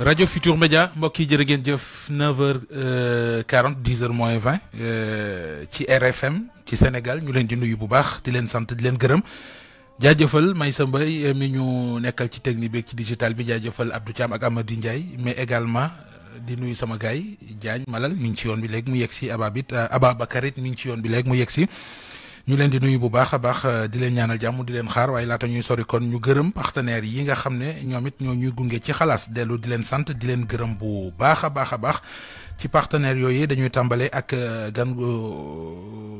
rajo Futur Média mbokk yi jërë ngeen jëf 9h40 10h moins 20 euh, ci RFM ci Sénégal ñu leen di nuyu bu baax di leen sant di leen gërëm jaajëfal sa mbay euh, mi ñu nekkal ci technique bi ci digital bi jaajëfal Abdou Thiam ak Amady Ndiaye mais également euh, di nuyu sama gaay Diagne Malal mi ngi ci yoon bi léegi mu yegg si Ababit Ababakarit mi ngi ci yoon bi léegi mu yegg si. ñu leen di nuyu bu baax a baax euh, di leen ñaanal jàmm di leen xaar waaye laata ñuy sori kon ñu gërëm partenaires yi nga xam ne ñoom it ñoo ñuy gunge ci xalaas dellu di leen sant di leen gërëm bu baax a baax a baax ci partenaires yoyé dañuy tambalé ak euh, gan gu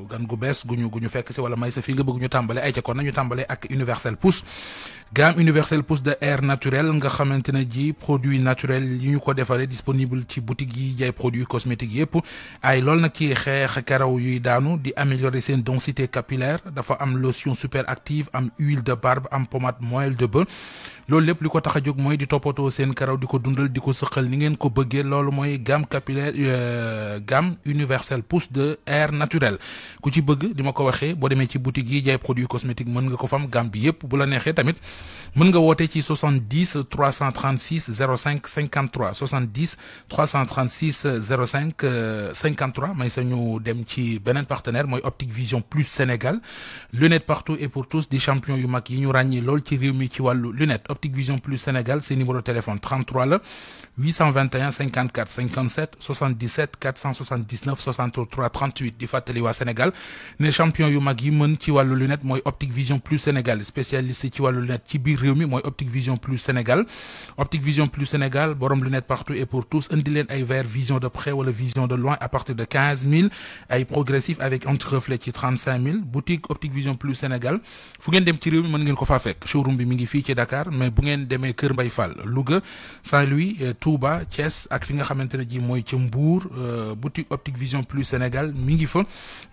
gan gu bess guñu guñu fekk ci wala may sa nga bëgg ñu tambalé ay ci kon nañu tambalé ak universel pousse gamme universel pousse de air naturel nga xamantene ji produit naturel yi ñu ko défaré disponible ci boutique yi jay produit cosmétique yépp ay lool nak ki xeex karaw yu daanu di améliorer sen densité capillaire dafa am lotion super active am huile de barbe am pommade moelle de bœuf lool lepp liko taxajuk moy di topoto sen karaw diko dundal du sekkal ni ngeen ko bëggé lool moy gamme capillaire euh, gamme universelle pousse de air naturel ku ci bëgg dima ko bo ci boutique yi jaay produit cosmétique mën nga ko fam gamme bi yépp bu la nexé tamit mën nga woté ci 70 336 05 53 70 336 05 53 may sañu dem ci benen partenaire moy Optique Vision Plus Sénégal lunettes partout et pour tous des champions yu mag yi ñu ragné lool ci ci lunette Optique Vision Plus Sénégal c'est numéro de téléphone 33 821 54 57 77 479 63 38 du Téléwa Sénégal Les champion yu mag yi mën ci lunette Optique Vision Plus Sénégal spécialiste ci walu lunette ci biir réew mi Optique Vision Plus Sénégal Optique Vision Plus Sénégal borom lunettes partout et pour tous indi len ay verre vision de près wala vision de loin à partir de 15 000 ay progressif avec anti-reflet ci 35 000 boutique Optique Vision Plus Sénégal fu ngeen dem ci réew mi mën ngeen ko fa fek. showroom bi mi ngi ci Dakar mais bu ngeen demee Kër Fall Louga Saint-Louis euh, Touba Thiès ak fi nga xamantene ji Mbour euh, boutique optique vision plus Sénégal mi ngi fa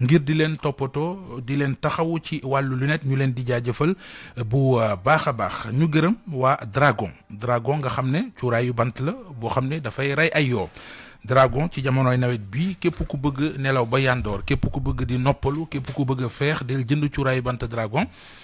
ngir di leen toppatoo di leen taxawu ci wàllu lunette ñu leen di jaajëfal euh, bu euh, baax a baax ñu gërëm waa Dragon Dragon nga xam ne cuuraayu bant la boo xam ne dafay rey ay yoo. dragon ci jamonoy nawet bi képp ku bëgg nelaw ba yandoor képp ku bëgg di noppalu képp ku bëgg a feex del jënd cuuraayu bant dragon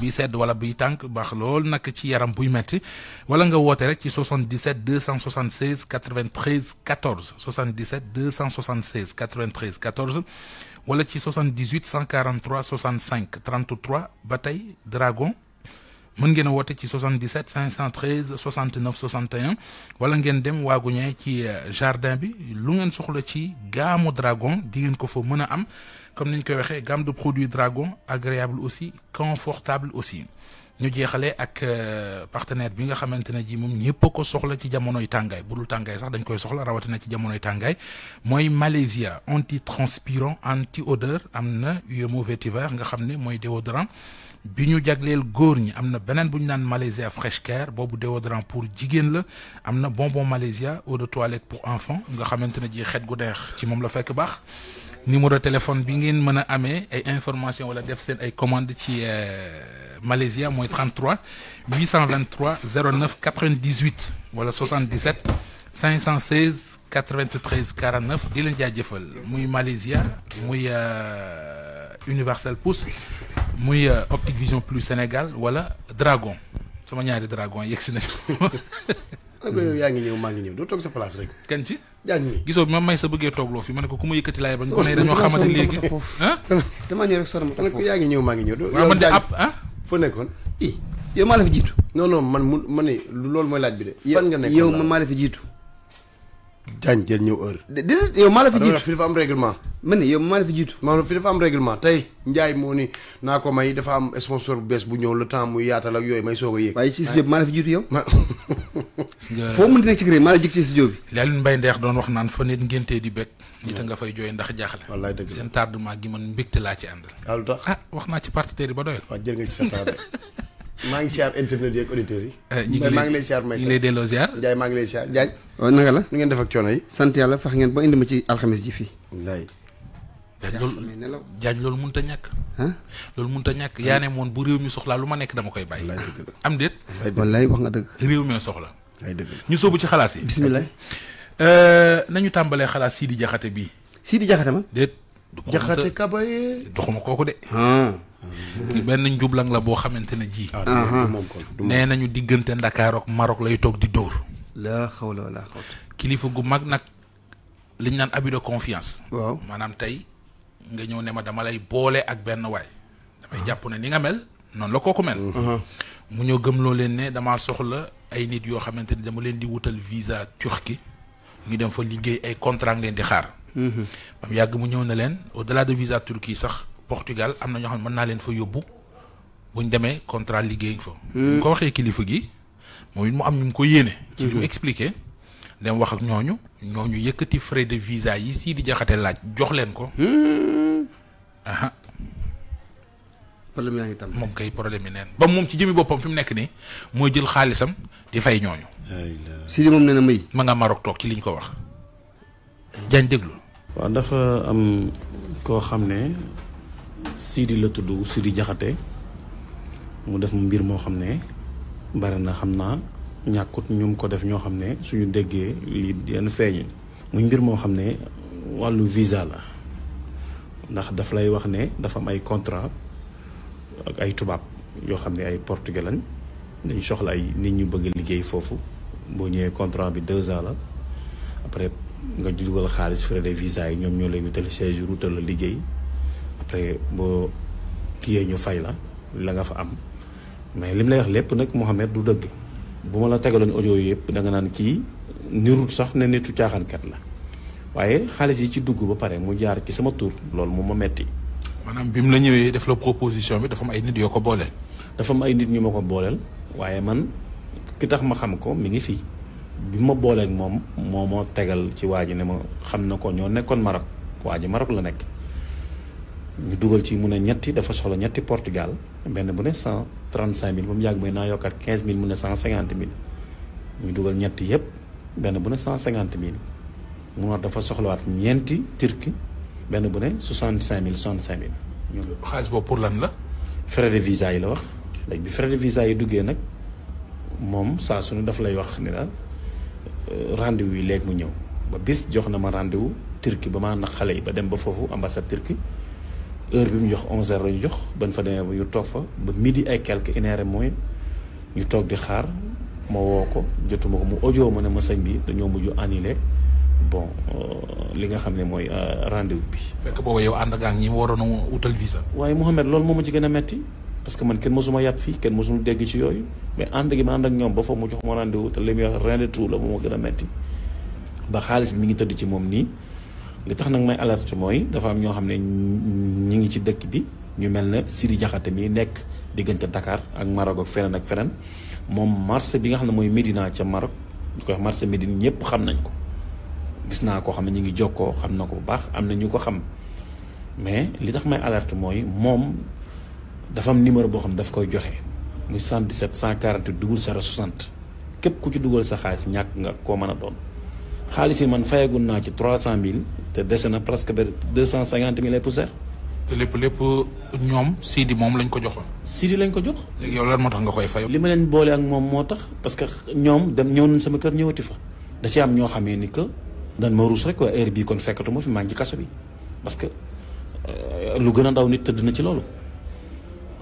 bi voilà, wala biy tànk baax lool nag ci 77 276 93 14 77 276 93 14 wala 78 143 65 33 Bataille, Dragon mën ngeen ci 77 513 69 61 wala ngeen dem ci euh, jardin bi lu ngeen soxla ci gaamu dragon di ngeen ko fa am comme niñ ñu koy gamme de produits dragon agréable aussi confortable aussi ñu jeexalee ak euh, partenaire bi nga xamante ne ji le ñëpp ko soxla ci jamonoy tàngaay bu dul tàngaay sax dañ koy soxla rawatina ci jamonoy tàngaay mooy Malaysia anti transpirant anti odeur am na humo vétiver nga xam ne mooy déodorant biñu ñu jagleel góor ñi am na Malaysia Fresh Care bobu déodorant pour jigéen la amna bonbon Malaysia eau de toilette pour enfants. nga xamante ji xet gu deex ci mom la fekk bax numéro téléphone bi ngeen mën et ay information wala def sen ay commande ci euh, Malaysia moy 33 823 09 98 wala 77 516 93 49 di leen muy Malaysia muy euh, Universal Pouce muy euh, Optic Vision Plus Sénégal wala Dragon sama ñaari Dragon yegg si nañu. ko ah, yow ngi ñëw maa ngi ñëw doo toog sa place rek. kan ci. yaa ngi gisoo bi ma may sa bëggee toogloo fi ma ne ko ku ma yëkkati laay bañ. kon dañoo xamante léegi ah. damaa ñëw foofu yaa ngi ñëw maa ngi ñëw. waaw man de ab ah. foo nekkoon i yow maa la fi jiitu. non non man mu ma ne loolu mooy laaj bi de. fan nga nekkoon yow man maa la fi jiitu. Diagne jël ñëw heure. déedéet yow maa la fi jiitu fi dafa am règlement. man yow maa la fi jiitu. maanaam fi dafa am règlement tey Ndiaye moo ni naa ko may dafa am sponsor bu bees bu ñëw le temps muy yaatal ak yooyu may soog a yéeg. waaye ci studio bi maa la fi jiitu yow. ma foo mën di nekk ci kër maa la jik ci studio bi. li Alioune Mbaye Ndeex doon wax naan fa nit ngéntee di bëgg. nit a nga fay jooy ndax jaaxle. wallaay dëgg seen tardement gi man mbégte laa ci àndal. ah lu tax ah wax naa ci partenaire yi ba doyal. waaw jël nga ci sa tardé. maa ngi siyaar internet yi ak auditeurs yi. Eh, ñu ngi maa ngi lay siyaar may ngi lay delloo oh, la nu ngeen def ak coono yi. sant yàlla fax ngeen ba indi ma ci alxames ji fii. wallaay. loolu jaaj loolu mënut a ñàkk. loolu mun ta ñàkk yaa ne moon bu réew mi soxlaa lu ma nekk dama koy bàyyi. am déet. wallaay wax nga dëgg. réew mi soxla. wallaay dëgg ñu sóobu ci xalaas yi. bisimilah. Eh, nañu tàmbalee xalaas Sidi Jaxate bii. Sidi Jaxate ma. déet. Jaxate Kabaye doxuma kooku de benn njublang la boo xamante ne ji. Ah, nee nañu diggante Ndakaar ak lay toog di dóor. la xawla wala xawla. kilifa gu mag nag li naan abus de confiance. waaw maanaam tey nga ñëw ne ma dama lay boole ak benn waay. damay jàpp na ni nga mel noonu la kooku mel. Uh-huh. mu ñëw gëmloo leen ne dama soxla ay nit yoo xamante ni dama leen di wutal visa Turquie ngi dem fa liggéey ay contrat leen di xaar. Uh-huh. ba yàgg mu ñëw ne leen au delà de visa Turquie sax. Portugal am na ñoo xam ne mën naa leen fa yóbbu bu ñu demee contrat liggéey fa. Hmm. bu ko waxee kilifa gi moom it mu am ñu ngi ko yéene. ci li mu hmm. expliqué. dem wax ak ñooñu ñooñu yëkkati frais de visa yi sii di jaxate laaj jox leen ko. Hmm. aha moom kay problème yi neen ba moom ci jëmi boppam fi mu nekk nii mooy jël xaalisam di fay ñooñu. Sidi moom nee na may. ma nga Maroc toog ci liñ ko wax. Diagne déglu. waaw dafa am koo xam ne. Sidi la tudd Sidi Jaxate mu def mbir moo xam ne bari na xam naa ñàkkut ñum ko def ñoo xam ne suñu déggee lii yenn feeñ muy mbir moo xam ne wàllu visa la ndax daf lay wax ne dafa am ay contrat ak ay tubaab yoo xam ne ay portugais lañ dañ soxla ay nit ñu bëgg liggéey foofu boo ñëwee contrat bi deux ans la après nga dugal xaalis frais de visa yi ñoom ñoo lay wutal séjour wutal la liggéey après bo kiyee ñu fay la la nga fa am mais lim lay wax lépp nak mohammed du dëgg buma la tegaloon audio yépp da nga nan ki nirut sax né nitu kat la waaye xaliss yi ci dugg ba pare mu jaar ci sama tur lool mu ma metti manam bim la ñëwé def la proposition bi dafa am ay nit yoo ko dafa am ay nit ñu mako bolél man ki tax ma xam ko mi ngi fi bima bolé ak mom momo tégal tegal ci waji né ma xam na ko ñoo nekkoon Maroc waji la nekk ñu dugal ci mu ne ñetti dafa soxla ñetti Portugal benn bu ne 135000 bu mu yag mooy na yokkat 15000 mu ne 150000 ñu duggal ñetti yépp benn bu ne 150000 mu ne dafa wat ñenti turki benn bu ne 65000 65000 ñu soixante bo pour lan la. frais de visa yi la wax léegi bi frais de visa yi duggé nak mom sa suñu daf lay wax ni daal euh, rendez-vous yi mu ñew ba bis jox ma rendez-vous turki ba ma na xalé ba dem ba fofu ambassade turki heure bi mu jox 11h la jox ban fa demee ba ñu toog fa ba midi ay quelques une heure mooy ñu toog di xaar ma woo ko jotuma ko mu audio ma ne ma sëñ bi dañoo mujj annulé bon euh, li nga xam ne mooy euh, rendez-vous bi. fekk booba yow ànd ak ñi waroon a utal visa. waaye Mouhamed loolu moom ma ci gën a metti parce que man kenn mosuma yàpp fii kenn mosuma dégg ci yooyu mais ànd gi ma ànd ak ñoom ba foofu mu jox ma rendez-vous li muy wax rien tout la moom ma ba xaalis mi ngi tëdd ci moom nii. li tax nag may alerte mooy dafa am ñoo xam ne ñi ngi ci dëkk bi ñu mel ne Siri Jaxate mi nekk diggante Dakar ak Maroc ak feneen ak feneen moom marché bi nga xam ne mooy Médina ca Maroc ñu koy wax marché Médine ñëpp xam nañ ko gis naa koo xam ne ñu ngi jokkoo xam na ko bu baax am na ñu ko xam mais li tax may alerte mooy moom dafa am numéro boo xam ne daf koy joxe muy 77 142 60 képp ku ci dugal sa xaalis ñàkk nga koo mën a doon xaalis yi man fayagul na ci 300000 te dese na presque 250000 cent cinquante te lepp lepp ñom Sidi mom lañ ko joxon Sidi lañ ko jox. léegi yow lan motax nga koy fay. li ma bolé ak mom motax parce que ñom dem ñëw nañ sama kër ñewati fa da ci am ño xamé ni que dan ma rouss rek air heure bii kon fekkatu ma fi maa ngi ci bi parce que euh, lu gëna ndaw nit tëdd na ci lolu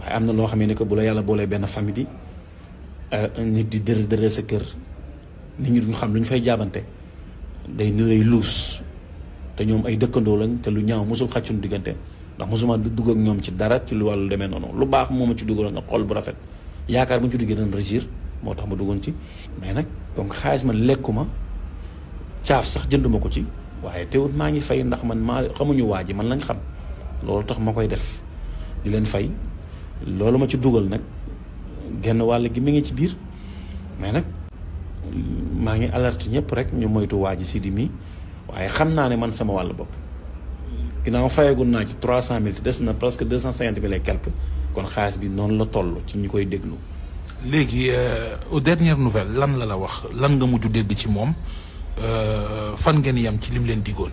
way amna lo xamé ni que bu la yalla bolé ben famille bi euh, nit di dër sa kër nit ñu xam luñ fay jabanté day nirey luus te ñoom ay dëkkandoo lañ te lu ñaaw mosul xàcc diggante ndax mosuma dugg ak ñoom ci dara ci lu wàllu demee noonu lu baax moom ma ci duggaloon ak xol bu rafet yaakaar bu ñu ci duggee doon régir moo tax ma duggoon ci. mais nag donc xaalis man lekkuma caaf sax jënduma ko ci waaye teewul maa ngi fay ndax man maa xamuñu waa ji man lañ xam loolu tax ma koy def di leen fay loolu ma ci dugal nag genn wàll gi mi ngi ci biir mais nag. maa ngi alerte ñëpp rek ñu moytu waa ji Sidi mi waaye xam naa ne man sama wàllu bopp ginnaaw fayagul naa ci trois cent mille te des na presque deux cent cinquante mille et quelque kon xaalis bi noonu la toll ci ñu koy déglu. léegi euh, au dernières nouvelles lan la la wax lan nga mujj dégg ci moom euh, fan ngeen yam ci lim leen diggoon.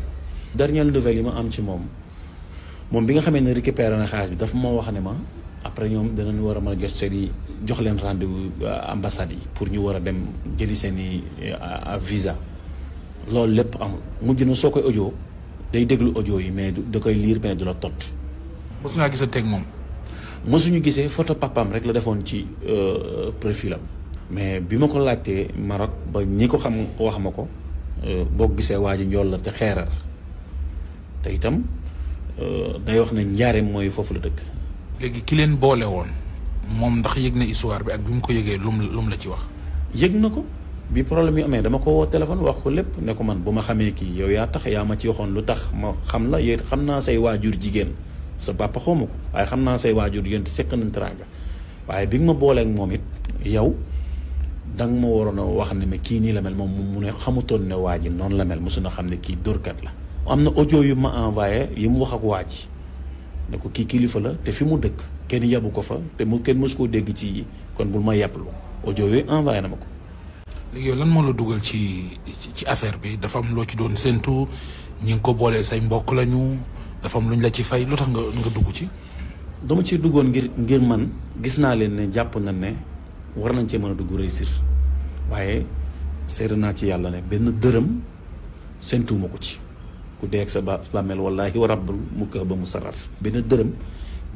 dernière nouvelle yi ma am ci moom moom bi nga xamee ne récupéré na xaalis bi dafa ma wax ne ma. après ñoom danañ war a mën a jot jox leen rendez-vous euh, yi pour ñu war a dem jëli seeni i euh, visa loolu lépp amul mujj na soo koy audio day déglu audio yi mais da koy lire mais du la tot. mosu ngaa gisee teg moom. mosuñu gisee photo papam rek la defoon ci euh, profilam mais bi ma ko laajtee Maroc ba ñi ko xam wax ma ko boo gisee waa ji njool la te xeeral te itam day wax ne njaareem mooy foofu la dëkk. léegi ki leen boole woon moom ndax yëg na histoire bi ak bi mu ko yëgee lum lum la ci wax. yëg na ko bi problème yu amee dama ko woo téléphone wax ko lépp ne ko man bu ma xamee kii yow yaa tax yaa ma ci waxoon lu tax ma xam la yow xam naa say waajur jigéen sa papa xawma ko waaye xam naa say waajur jigéen te seq nañ teraanga waaye bi nga ma booleek moom it yow danga ma waroon a wax ne ma kii nii la mel moom mu ne xamutoon ne waa ji noonu la mel mosu na xam ne kii dóorkat la. am na audio yu ma envoyé yi mu wax ak waa ji ne ko kii kilifa la te fi mu dëkk kenn yabu ko fa te mu kenn mës koo dégg ci kon bul ma yàpplu audio yooyu envoyé na ma ko. léegi yow lan moo la dugal ci ci affaire bi dafa am loo ci doon séntu ñi ngi ko boolee say mbokk lañu dafa am luñ la ci fay lu tax nga nga dugg ci. dama ci duggoon ngir ngir man gis naa leen ne jàpp na ne war nañ cee mën a dugg réussir waaye seetlu naa ci yàlla ne benn dërëm séntuwuma ko ci. ku dee ak sa ba bàmmeel wallaahi wa rabbul mukka ba mu saraf benn dërëm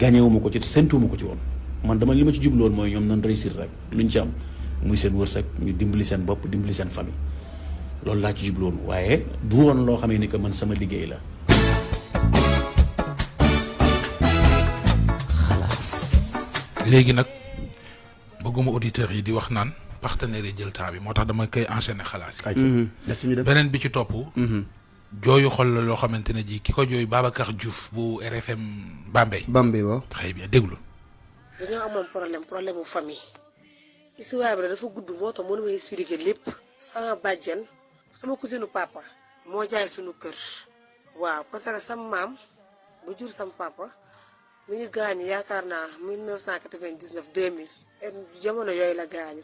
gaañewuma ko ci te ko ci woon man dama li ma ci jubloon mooy ñoom nan réussir rek luñ ci am muy seen wërsëg ñu dimbali seen bopp dimbali seen famille loolu laa ci jubloon waaye du woon loo xamee ni que man sama liggéey la. xalaas. léegi nag bëgguma auditeurs yi di wax naan partenaire yi jël temps moo tax dama koy enchaîner xalaas yi. Mhm. beneen bi ci topp. Mhm. jooyu xol la loo ji bu RFM Bambey. Bambey waaw. très bien problème problème famille. histoire bi dafa gudd ma sama sama cousinu papa. mo jaay suñu kër. waaw parce que sama bu jur sama papa mi ngi gaañu yaakaar naa 1999 2000. jamono yooyu la gaañu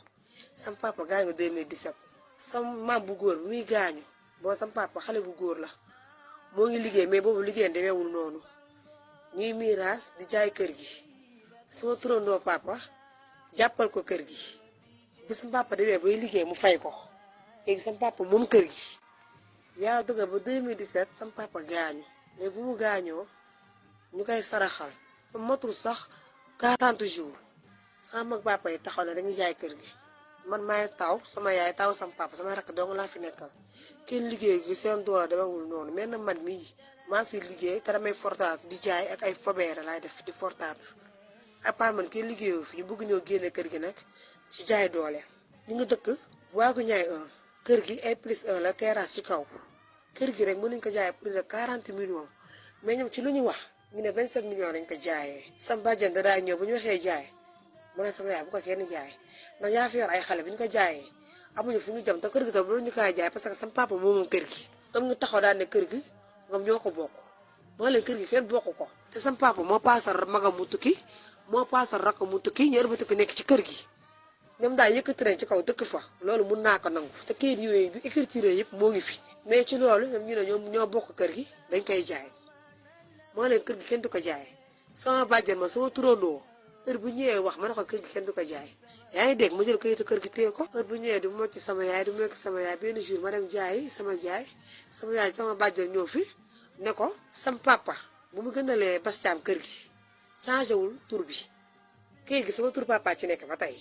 sama papa gaañu 2017. sama maam bu góor muy gaañu. bo sam papa xale bu goor la mo ngi liggéey mais boobu liggéeyam demeewul noonu ñuy miiras di jaay kër gi so turandoo papa jappal ko kër gi bu sam papa demee boy liggéey mu fay ko ek sam papa mom kër gi ya dogal ba 2017 sam papa gañu mais bu mu gaañoo ñu kay saraxal matul sax 40 jours sama papa yi taxaw na dañuy jaay kër gi man may taw sama yaay taw sam papa sama rakk dong la fi nekkal kenn liggéey gi seen doole demewul noonu mel na man mii maa fi liggéey te damay fortaatu di jaay ak ay fobeere laay def di fortaatu à part man kenn liggéeyoo fi ñu bëgg ñoo génne kër gi nag ci jaay doole ñu ngi dëkk waagu kër gi ay plus la terrasse ci kaw kër gi rek mën nañ ko jaay plus de 40 mais ñoom ci lu ñu wax ñu ne 27 millions lañ ko jaayee. sama bàjjen da daay ñëw bu ñu waxee jaay mu ne sama yaay bu ko kenn jaay ndax yaa fi yor ay xale bi ñu ko jaayee amuñu fu ñu jëm te kër gi sax mënuñu kaa jaay parce que sam papa moo moom kër gi am ñu taxaw daan ne kër gi moom ñoo ko bokk moo leen kër gi bokk ko te sam papa moo paasal magam mu tukki moo paasal rakk mu tukki ñëw ba tukki nekk ci kër gi ñoom daal yëkkati nañ ci kaw dëkk fa loolu mun naa ko nangu te kër yooyu yëpp moo ngi fi mais ci loolu ñoom ñu ne ñoo bokk kër gi dañ koy jaay moo leen kër gi kenn du ko jaay sama bàjjen ma sama turandoo heure bu ñëwee wax ma ne ko kër gi du ko jaay yaa ngi dégg ma jël kayitu kër gi téye ko heure bu ñëwee du mocc sama yaay du mocc sama yaay benn jour ma dem jaayi sama jaay sama yaay sama bàjjal ñëw fi ne ko sam papa bu mu gënalee bastaam kër gi changé wul tur bi kër gi sama tur papa ci nekk ba tey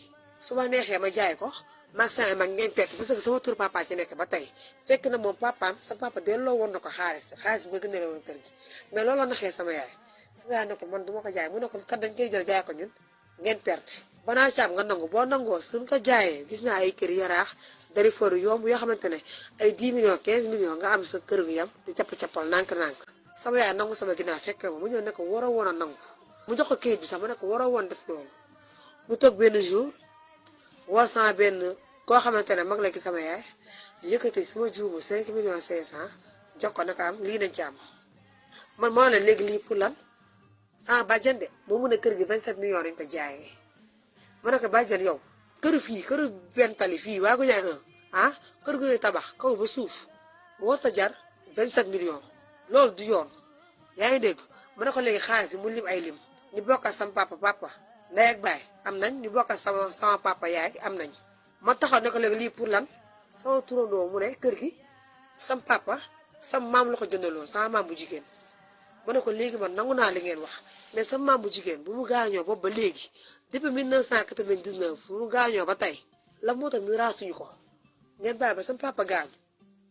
su neexee ma jaay ko maag sama mag ngeen pekk parce que sama tur papa ci nekk ba tey fekk na moom papaam sa papa delloo woon na ko xaalis xaalis bu nga gënalee woon kër gi mais looloo naxee sama yaay Soufiane ne ko man du ma ko jaay mu ne ko kat dañ koy jël jaay ko ngeen perte banaa nga nangu boo nangoo suñ ko jaayee gis naa ay kër yaraax dari foru yomb yoo xamante ne ay 10 millions 15 millions nga am sa kër gu yam di capp-cappal nànk-nànk sama yaay nangu sama ginnaaw fekk ma mu ñëw ne ko waroo woon a nangu mu jox ko kayit bi sax mu ne ko waroo woon def loolu mu toog benn jour woo sama benn koo xamante ne mag la ki sama yaay yëkkati suma juumu 5 million 500 jox ko naka am lii nañ ci am man moo léegi lii pour lan sans bàjjan de moo mun a kër gi 27 millions lañ ko jaayee ma ne ko bàjjan yow kër fii kër benn tali fii waagu ñaay un ah kër gu tabax kaw ba suuf warut a jar set millions loolu du yoon yaa ngi dégg ma ne ko léegi xaalis mu lim ay lim ñu bokkal sama papa papa ndey ak baay am nañ ñu bokkal sama sama papa yaay am nañ ma taxaw ne ko léegi lii pour lan sama turandoo mu ne kër gi sam papa sam maam la ko jëndaloon sama maam bu jigéen. ma ko léegi man nangu naa li ngeen wax mais sama maam bu jigéen bu mu gaañoo boobu ba léegi depuis 1999 bu mu gaañoo ba tey la moo tax miraasuñu ko ngeen bàyyi ba sama papa gaañu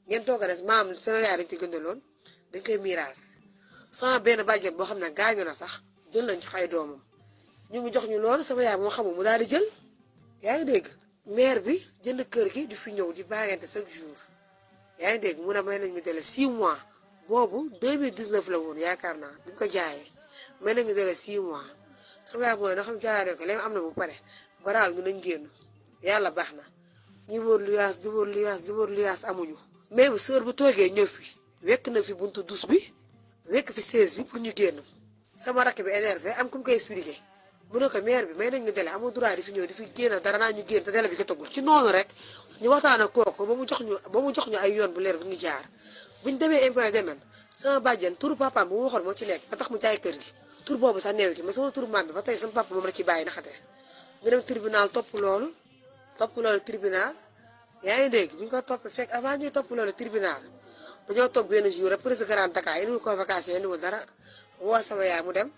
ngeen toog a des maam seen yaay dañ ko gëndaloon dañ koy miraas benn bàjjen boo xam ne gaañu na sax jël nañ jox ay doomam ñu ngi jox ñu loolu sama yaay moo xamul mu daal di jël yaa ngi dégg. maire bi jënd kër gi di fi ñëw di bàyyante chaque jour yaa ngi dégg mu ne may nañ mu dele six mois. boobu 2019 la woon yaakaar naa buñ ko jaayee mel na ñu dale 6 mois su nga mooy na xam jaayee ko am na bu pare baraaw ñu nañ génn yàlla baax na ñi wóor luyaas di wóor luyaas amuñu mais bu sœur bu toogee ñëw fi wekk na fi buntu dus bi wekk fi seize bi pour ñu génn sama rakk bi énervé am ku mu mu ne ko maire bi may nañ ñu délai amul droit di fi ñëw di fi génn bi jotagul ci noonu rek ñu waxtaan ak kooku ba mu jox ñu ba mu jox ñu ay yoon bu leer bu ñu jaar bu ñu demee employé domaine sama bàjjen turu papaam bu mu waxoon moo ci nekk ba tax mu jaay kër gi tur boobu sax new gi mais sama turu maam bi ba tey sama papa moom la ci bàyyi naxate ñu dem tribunal topp loolu topp loolu tribunal yaa ngi dégg bu ko toppee fekk avant ñuy topp loolu tribunal dañoo toog benn jour rek président Grand Dakar indiwul convocation dara woo sama yaay mu dem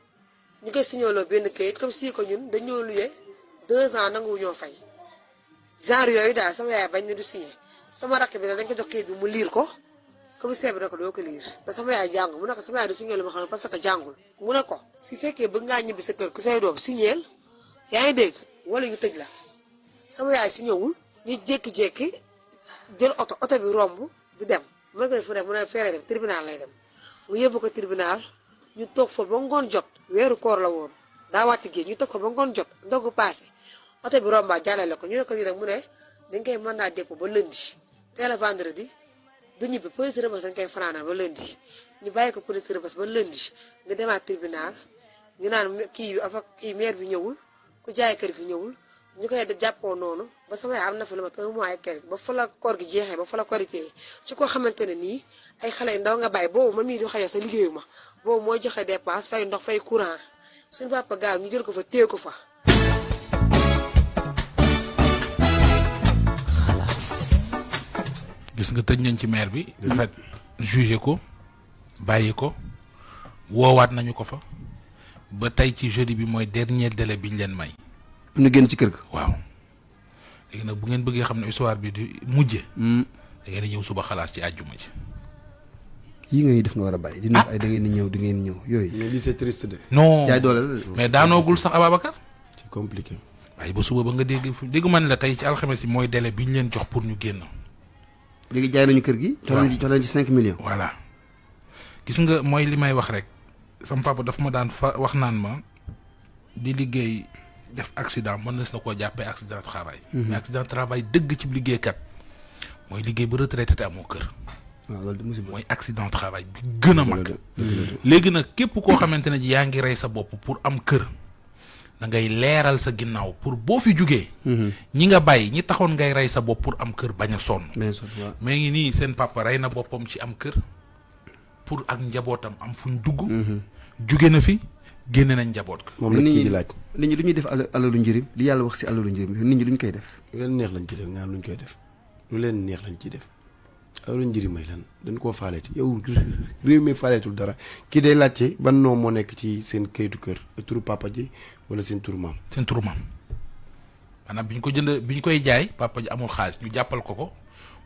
ñu koy signaloo benn kayit comme si ko ñun dañoo luyee deux ans nanguwu ñoo fay genre yooyu daal sama yaay bañ ne du signé sama rakk bi nag dañ ko jox kayit mu liir ko. comme seeb na ko doo ko lire da sama ya jàngul mu ne sama ya do si ma xam parce que jàngul mu ne ko si fekke bëgg nga ñibi sa kër ku say doom si wala ñu tejj la sama ya si ñëwul ñu jek jek jël auto auto bi romb di dem mu ne fu def mu féré dem tribunal lay dem mu yebbu ko tribunal ñu tok fa ba ngon jot wéru koor la woon da wàtti ge ñu tok fa ba ngon jot dogu passé auto bi romba jalé lako ñu ne ko rek mu ne eh. dañ koy mandat dépôt ba lundi vendredi du ñibbi police rëbës dañ koy fanaanal ba lundi ñu bàyyi ko police rëbës ba lundi nga demaat tribunal ñu naan kii avocat kii maire bi ñëwul ku jaay kër gi ñëwul ñu koy jàppoo noonu ba sama yaay am na fa lu mat mois ak ba fa la koor gi jeexee ba fa la ci koo xamante ne nii ay xale ndaw nga bàyyi boobu ma mii di xëy sa liggéeyu ma boobu mooy joxe dépense fay ndox fay courant suñu papa gaaw ñu jël ko fa téye ko fa. gis nga tëj nañ ci maire bi. en fait ko bàyyi ko woowaat nañu ko fa ba tey ci jeudi bi mooy dernier dele bi ñu leen may. ñu génn ci kër gi waaw léegi nag bu ngeen bëggee xam ne histoire bi di mujje hmm. da ngeen ñëw suba xalaas ci àjjuma ji. yii nga def nga war a bàyyi. di nekk ah! ay da ngeen ñëw di ngeen ñëw yooyu. mais lii c'est triste de. non daanoogul sax Ababacar. c'est compliqué. waaye ba suba ba nga dégg dégg man la tey ci alxames yi mooy délai bi ñu leen jox pour ñu génn. léegi jaay nañu kër gi. tolon jox leen ci 5 millions. voilà gis nga moy li may wax rek sama papa daf ma daan wax naan ma di liggéey def accident mën na si na koo jàppee accident de travail. Mhm. mais accident travail dëgg ci kat mooy liggéey bu retraité te amoo kër. waaw mooy accident travail bi gën a mag. léegi nag képp koo xamante ne yaa ngi rey sa bopp pour am kër. da ngay leeral sa ginnaaw pour boo fi jugee. ñi nga bàyyi ñi taxoon ngay rey sa bopp pour am kër bañ a sonn. mais ngi nii seen papa rey na boppam ci am kër pour ak njabootam am fu ñu dugg. Mhm. juge na fi génne nañ njaboot ko. moom la kii di laaj nit ñi lu ñuy def alalu njëriñ li yàlla wax si alalu njëriñ nit ñi lu ñu koy def. lu leen neex lañ ci def nga lu ñu koy def lu leen neex lañ ci def. loolu njëriñ lan dañ koo faaleeti yow réew mi faaleetul dara ki day laajte ban noo moo nekk ci seen kayitu kër turu papa ji wala seen turu maam. seen turu maam ko jënd bi koy jaay papa amul xaalis ñu jàppal ko ko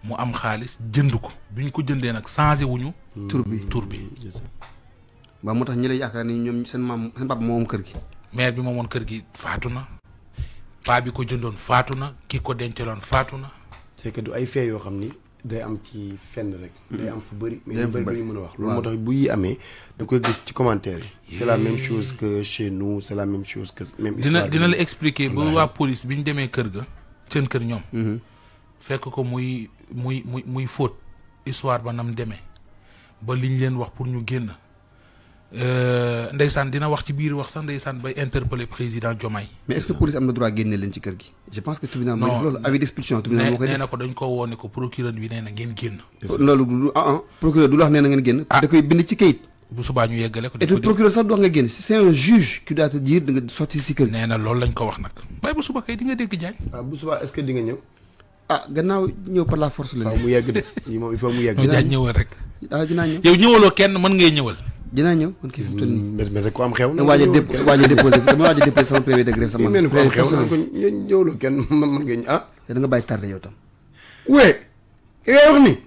mu am xaalis jënd ko bi ko jëndee nag changé wuñu hmm. tur bi tur bi. waaw hmm, moo tax ñi lay yaakaar ni ñoom seen maam seen papa moo am kër gi. maire bi moomoon kër gi faatu na paa bi ko jëndoon faatu na ki ko dencaloon faatu na. c'est que du ay fee yoo xam ni. day am ci fenn rek. Mm-hmm. day am fu bari mais lu bari dañu mën a wax. lu motax bu yi amé da koy gis ci commentaire c'est la même chose que chez nous c'est la même chose que même. histoire dina dina la expliquer bu wa police bi ñu demee kër ga seen kër ñoom. Mm-hmm. fekk ko muy muy muy faute histoire ba nam demee ba liñ leen wax pour ñu génn. Euh, ndeysaan dina wax ci biir wax sax ndeysaan bay interpeller président Diomaye. mais est-ce que police am na droit génne leen ci kër gi. je pense que tribunal mooy loolu avis d'expulsion tribunal moo koy def nee na ko dañ koo woo ne ko procureur bi nee na ngeen génn. loolu du ah ah procureur du la wax nee na ngeen génn. Ah. da koy bind ci kayit. bu subaa ñu yeggale ko. et procureur sax du nga génn c'est un juge qui doit te dire da nga sotti si kër gi. nee na loolu lañ ko wax nag. bay bu subaa kay di nga dégg Diagne. waaw ah, bu subaa est-ce que di nga ñëw. ah gannaaw ñëw par la force la. waaw mu yegg de il faut mu yegg. dinaa ñëwal rek. ah dinaa ñëw yow ñëwaloo kenn mën ngay ñëwal dinaa ñëw man kii fi mu rek ku xew. na waaj a dép waaj a déposé dama waaj a déposé sama premier de grève sama. mel ko am xew ko ñëwloo kenn mën ñëw ah.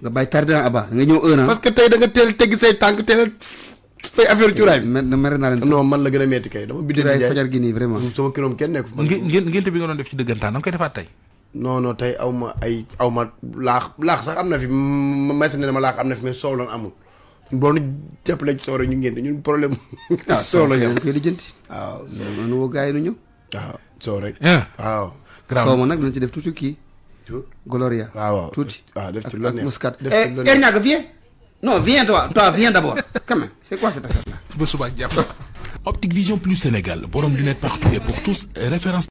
ah, ah. parce que tey da nga teel teggi say tànk teel a fay affaire cuuraay bi. mais mer naa leen. non man la gën a metti kay dama biddee. cuuraay mm, kenn nekk fa. ngénte bi nga doon def ci dëggantaan da nga koy defaat tey. non non tey aw ma ay aw ma laax laax sax am na fi may sa ne dama laax am na fi mais soow lan amul bonu nu ci soxla ñu ngeen ñun problème. solo yow ñu li lijjanti. waaw soxla nu woo gars yi nu ah, eh. waaw soow rek. waaw. soow ma nag dinañ ci def tuuti kii. Gloria. waaw ah, waaw tuuti. waaw ah, def ci lu nekk muskat. def ci eh, lu nekk eh ñàkk non viens toi toi viens d'abord. quand même c'est quoi cette affaire là. ba suba japp Optique Vision Plus Sénégal borom lunette partout et pour tous référence.